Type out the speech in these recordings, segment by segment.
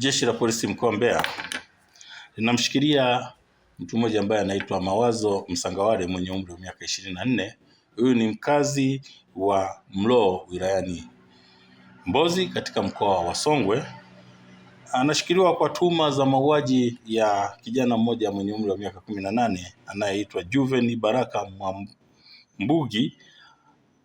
Jeshi la Polisi mkoa Mbeya linamshikilia mtu mmoja ambaye anaitwa Mawazo Msangawale mwenye umri wa miaka ishirini na nne. Huyu ni mkazi wa Mloo wilayani Mbozi katika mkoa wa Songwe. Anashikiliwa kwa tuhuma za mauaji ya kijana mmoja mwenye umri wa miaka kumi na nane anayeitwa Juveni Baraka Mwambugi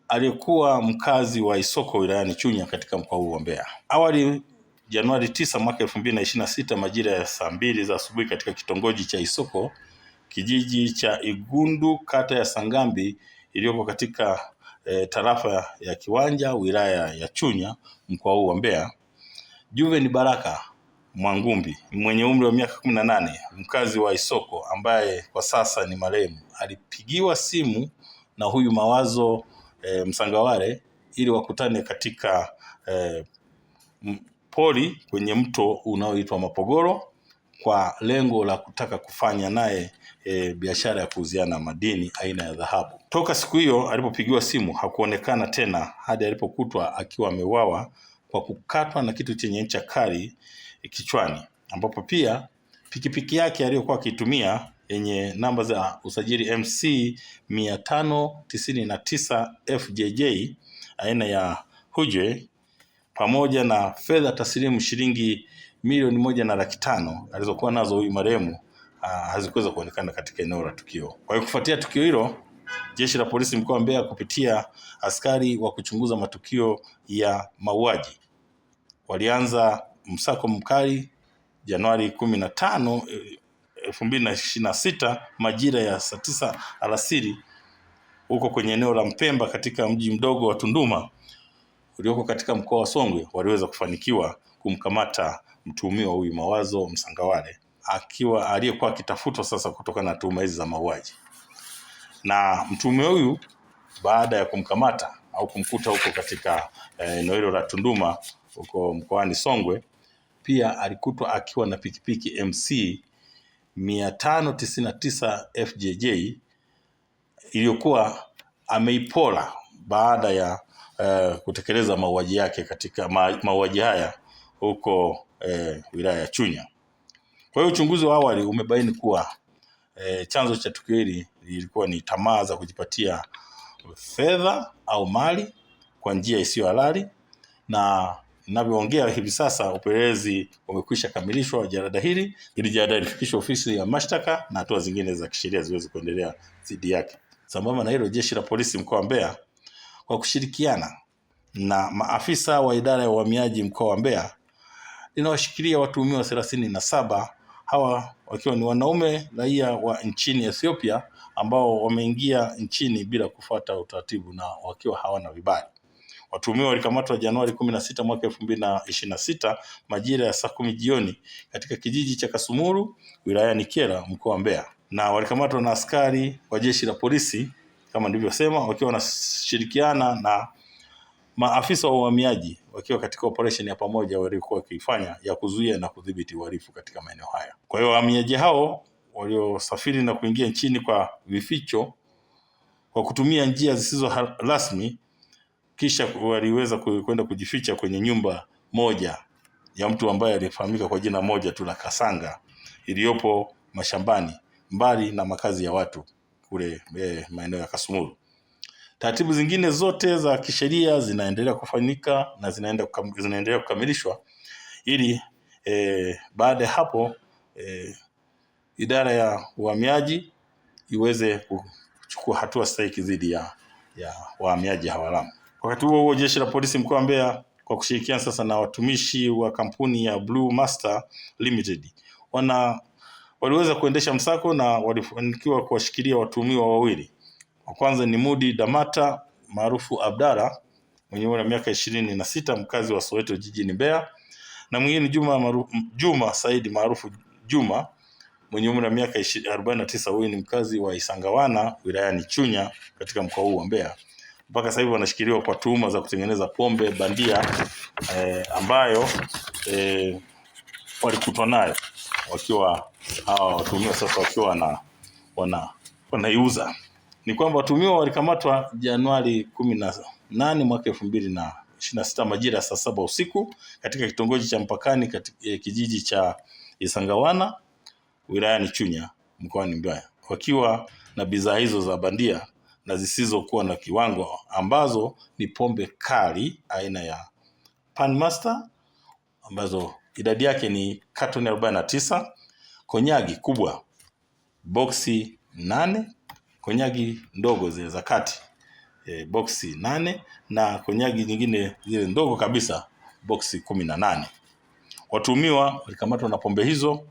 aliyekuwa mkazi wa Isoko wilayani Chunya katika mkoa huu wa Mbeya. Awali Januari 9 mwaka 2026 majira ya saa mbili za asubuhi katika kitongoji cha Isoko kijiji cha Igundu kata ya Sangambi iliyoko katika e, tarafa ya Kiwanja wilaya ya Chunya mkoa huu wa Mbeya. Juven Baraka Mwangumbi mwenye umri wa miaka kumi na nane mkazi wa Isoko ambaye kwa sasa ni marehemu alipigiwa simu na huyu Mawazo e, Msangawale ili wakutane katika e, pori kwenye mto unaoitwa Mapogoro kwa lengo la kutaka kufanya naye e, biashara ya kuuziana madini aina ya dhahabu. Toka siku hiyo alipopigiwa simu hakuonekana tena hadi alipokutwa akiwa ameuawa kwa kukatwa na kitu chenye ncha kali e, kichwani, ambapo pia pikipiki yake aliyokuwa akitumia yenye namba za usajili MC 599 FJJ aina ya Hujwe pamoja na fedha taslimu shilingi milioni moja na laki tano alizokuwa nazo huyu marehemu ah, hazikuweza kuonekana katika eneo la tukio. Kwa hiyo kufuatia tukio hilo, jeshi la polisi mkoa wa Mbeya kupitia askari wa kuchunguza matukio ya mauaji walianza msako mkali Januari kumi na tano eh, elfu mbili na ishirini na sita majira ya saa tisa alasiri huko kwenye eneo la Mpemba katika mji mdogo wa Tunduma ulioko katika mkoa wa Songwe waliweza kufanikiwa kumkamata mtuhumiwa huyu Mawazo Msangawale akiwa aliyekuwa akitafutwa sasa kutokana na tuhuma hizi za mauaji. Na mtuhumiwa huyu baada ya kumkamata au kumkuta huko katika eh, eneo eh, hilo la Tunduma huko mkoani Songwe, pia alikutwa akiwa na pikipiki MC 599 FJJ iliyokuwa ameipola baada ya uh, kutekeleza mauaji yake katika ma, mauaji haya huko eh, wilaya ya Chunya. Kwa hiyo uchunguzi wa awali umebaini kuwa eh, chanzo cha tukio hili lilikuwa ni tamaa za kujipatia fedha au mali kwa njia isiyo halali, na ninavyoongea hivi sasa upelelezi umekwisha kamilishwa wa hili, ili jarada lifikishwe ofisi ya mashtaka na hatua zingine za kisheria ziweze kuendelea dhidi yake. Sambamba na hilo, jeshi la polisi mkoa wa Mbeya kwa kushirikiana na maafisa wa idara ya uhamiaji mkoa wa Mbeya linawashikilia watuhumiwa thelathini na saba, hawa wakiwa ni wanaume raia wa nchini Ethiopia ambao wameingia nchini bila kufuata utaratibu na wakiwa hawana vibali. Watuhumiwa walikamatwa Januari kumi na sita mwaka elfu mbili na ishirini na sita majira ya saa kumi jioni katika kijiji cha Kasumuru wilayani Kyela mkoa wa Mbeya, na walikamatwa na askari wa jeshi la polisi kama nilivyosema, wakiwa wanashirikiana na maafisa wa uhamiaji wakiwa katika operation ya pamoja waliokuwa wakiifanya ya kuzuia na kudhibiti uhalifu katika maeneo haya. Kwa hiyo wahamiaji hao waliosafiri na kuingia nchini kwa vificho kwa kutumia njia zisizo rasmi, kisha waliweza kwenda kujificha kwenye nyumba moja ya mtu ambaye alifahamika kwa jina moja tu la Kasanga iliyopo mashambani mbali na makazi ya watu kule eh, maeneo ya Kasumulu. Taratibu zingine zote za kisheria zinaendelea kufanyika na zinaenda zinaendelea kukamilishwa ili eh, baada ya hapo eh, idara ya uhamiaji iweze kuchukua hatua stahiki dhidi ya, ya wahamiaji hawalamu. Wakati huo huo, jeshi la polisi mkoa wa Mbeya kwa kushirikiana sasa na watumishi wa kampuni ya Blue Master Limited wana waliweza kuendesha msako na walifanikiwa kuwashikilia watuhumiwa wawili. Wa kwanza ni Mudi Damata maarufu Abdalla mwenye umri wa miaka ishirini na sita mkazi wa Soweto jijini Mbeya, na mwingine Juma Juma Saidi maarufu Juma mwenye umri wa miaka arobaini Huyu ni mkazi wa Isangawana wilayani Chunya katika mkoa huu wa Mbeya. Mpaka sasa hivi wanashikiliwa kwa tuhuma za kutengeneza pombe bandia eh, ambayo eh, walikutwa nayo wakiwa hawa watumiwa sasa wakiwa na, wana, wanaiuza ni kwamba watumiwa walikamatwa Januari kumi na nane mwaka elfu mbili na ishirini na sita majira saa saba usiku katika kitongoji cha mpakani katika e, kijiji cha Isangawana wilayani Chunya mkoani Mbeya wakiwa na bidhaa hizo za bandia na zisizokuwa na kiwango ambazo ni pombe kali aina ya Panmaster ambazo idadi yake ni katoni 49, konyagi kubwa boksi nane konyagi ndogo zile za kati e, boksi nane na konyagi nyingine zile ndogo kabisa boksi nane Watuhumiwa walikamatwa na pombe hizo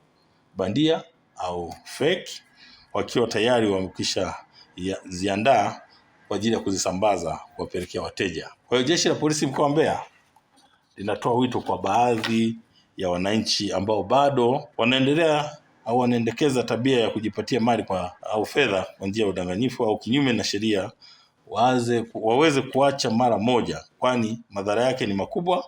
bandia au fake wakiwa tayari wamekisha ziandaa kwa ajili ya kuzisambaza kuwapelekea wateja. Kwa hiyo Jeshi la Polisi mkoa wa Mbeya linatoa wito kwa baadhi ya wananchi ambao bado wanaendelea au wanaendekeza tabia ya kujipatia mali kwa au fedha kwa njia ya udanganyifu au kinyume na sheria waze, waweze kuacha mara moja, kwani madhara yake ni makubwa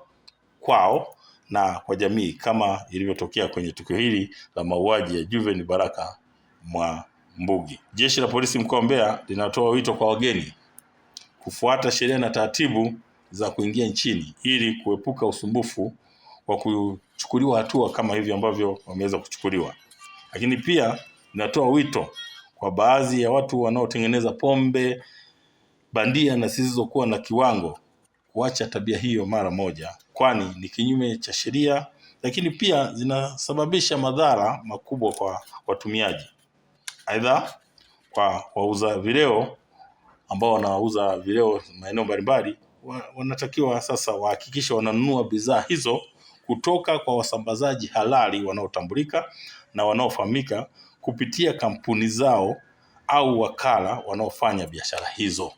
kwao na kwa jamii, kama ilivyotokea kwenye tukio hili la mauaji ya Juveni Baraka mwa Mbugi. Jeshi la Polisi mkoa wa Mbeya linatoa wito kwa wageni kufuata sheria na taratibu za kuingia nchini ili kuepuka usumbufu wa ku kuchukuliwa hatua kama hivyo ambavyo wameweza kuchukuliwa. Lakini pia inatoa wito kwa baadhi ya watu wanaotengeneza pombe bandia na zisizokuwa na kiwango kuacha tabia hiyo mara moja, kwani ni kinyume cha sheria, lakini pia zinasababisha madhara makubwa kwa watumiaji. Aidha, kwa wauza vileo ambao wanauza vileo maeneo mbalimbali, wanatakiwa sasa wahakikishe wananunua bidhaa hizo kutoka kwa wasambazaji halali wanaotambulika na wanaofahamika kupitia kampuni zao au wakala wanaofanya biashara hizo.